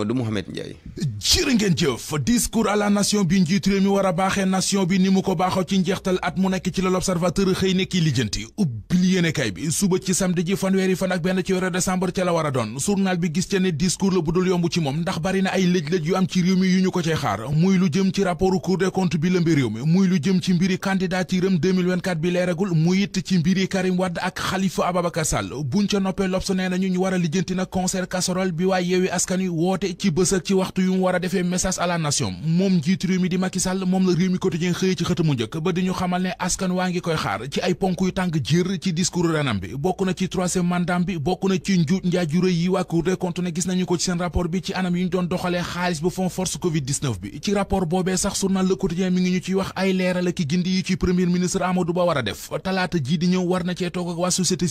Amadou Mouhamed Ndiaye jërë ngeen jëf discours à la bi njiitu réew mi war a baaxee nation bi ni mu ko baaxoo ci njeextal at mu nekk ci la l'observateur xëy ne lijjanti ubbi yéenekaay bi suba ci samedi ji fanweeri fan ak benn ci weeru décembre ca la war doon journal bi gis ca ne discours la bu dul yomb ci moom ndax bari na ay lëj-lëj yu am ci réew mi yu ñu ko cee xaar muy lu jëm ci rapportu Cour des bi lëmbi réew mi muy lu jëm ci mbiri candidaturam joxe ci bés ak ci waxtu yu mu war a defee message à la nation moom njiit réew mi di Macky Sall moom la réew mi quotidien xëyee ci xëtamu njëkk ba di ñu xamal ne askan waa ngi koy xaar ci ay ponk yu tàng jër ci discours ranam bi bokk na ci troisième mandat bi bokk na ci njuut njaaj rëy yi waa Cour ne gis nañu ko ci seen rapport bi ci anam yu ñu doon doxalee xaalis bu fond force covid 19 bi ci rapport boobee sax journal Le Quotidien mi ngi ñu ciy wax ay leeral ak di ñëw war na cee toog ak waa société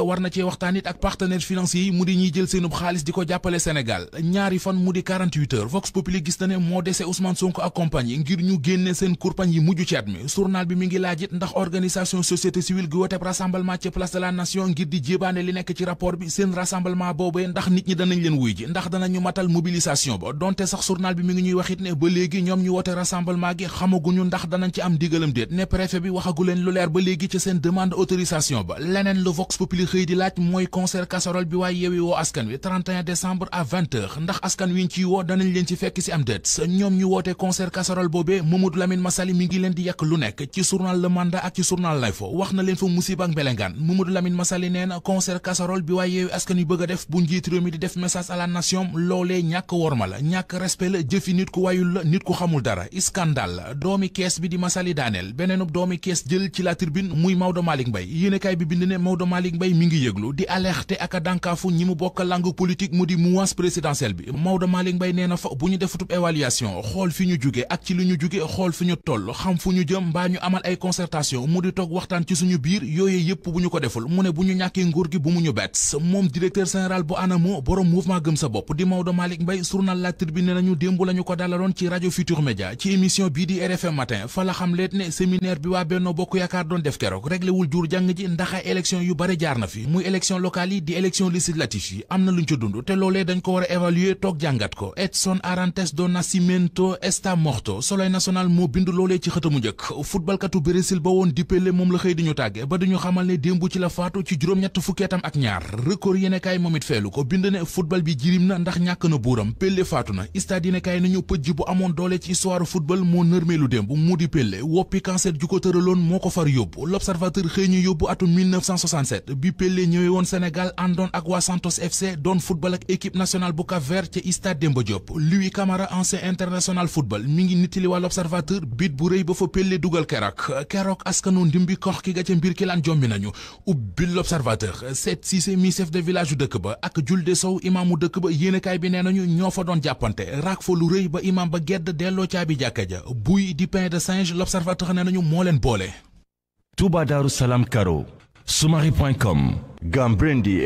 war na cee waxtaan it ak partenaires financiers yi mu di xaalis di ko jàppale Sénégal ñaari fan mu di 48 Vox Populi gis na ne moo dese Ousmane Sonko ak compagnie ngir ñu génne seen kurpañ yi mujj ci at mi journal bi mi ngi laajit ndax organisation société civile gi woteb rassemblement ci place de la nation ngir di jébaane li nekk ci rapport bi seen rassemblement boobee ndax nit ñi danañ leen wuy ji ndax danañu matal mobilisation ba donte sax journal bi mi ngi ñuy wax ne ba léegi ñoom ñu wote rassemblement gi xamaguñu ndax danañ ci am digalam déet ne waxagu leen lu leer ba léegi ci seen demande autorisation ba leneen lu Vox Populi di laaj mooy concert casserole bi waaye yeewi woo askan wi 31 décembre à observateur ndax askan wiñ ciy woo danañ leen ci fekk si am dët ñoom ñu woote concert casserole boobee Mamadou Lamine Massaly mi ngi leen di yàq lu nekk ci journal Le Mandat ak ci journal L'Info wax na leen fa musiba ak mbelengaan Mamadou Lamine Massaly nee na concert casserole bi waaye yeewu askan yu bëgg a def bu njiit réew mi di def message à la nation loolee ñàkk worma la ñàkk respect la jëfi nit ku wayul la nit ku xamul dara scandale doomi doomi kees bi bind a dànkaafu présidentielle bi Maodo Malick Mbaye nee na bu ñu defatub évaluation xool fi ñu jugee ak ci li ñu jugee xool fi ñu toll xam fu ñu jëm mbaa ñu amal ay concertation mu di toog waxtaan ci suñu biir yooyee yëpp bu ñu ko deful mu ne bu ñu ñàkkee nguur gi bu mu ñu bett moom directeur général bu ANAMO borom mouvement gëm sa bopp di Maodo Malick Mbaye journal La Tribune ne nañu démb la ñu ko dalaloon ci rajo Futur Média ci émission bii di RFM matin fa la xam leet ne séminaire bi waa Benno Bokk Yaakaar doon def keroog réglewul jur jàng ji ndax yu bare jaar na fi muy élection locale yi évaluer toog jàngat ko Edson Arantes do Nascimento está morto soleil national moo bind loolee ci xëtamu njëkk footballkatu Brésil ba woon di Pelé moom la xëy di ñu tàgge ba di ñu xamal ne démb ci la faatu ci juróom-ñett fukkeetam ak ñaar record yéenekaay moom it feelu ko bind ne football bi jirim na ndax ñàkk na buuram Pelé faatu na stade yéenekaay nañu pëj bu amoon doole ci histoire football moo nërmeelu démb mu di Pelé woppi cancer ju ko tëraloon Cap Vert ci stade Demba Diop Louis Camara ancien international football mi ngi nittali waa l'Observateur bit bu rëy ba fa pelle dugal keroog keroog askanu ndimbi kox ki ga ca mbir ki laan jombi nañu ubbi l'Observateur seet Cissé mi chef de village yu dëkk ba ak Julde Sow imaamu dëkk ba yéenekaay bi nee nañu ñoo fa doon jàppante raak fa lu rëy ba imaam ba gedd delloo caabi jàkka ja buy di pain de singe l'Observateur nee nañu moo leen boole. Touba Darou Salam Karo Soumari.com Gambrendi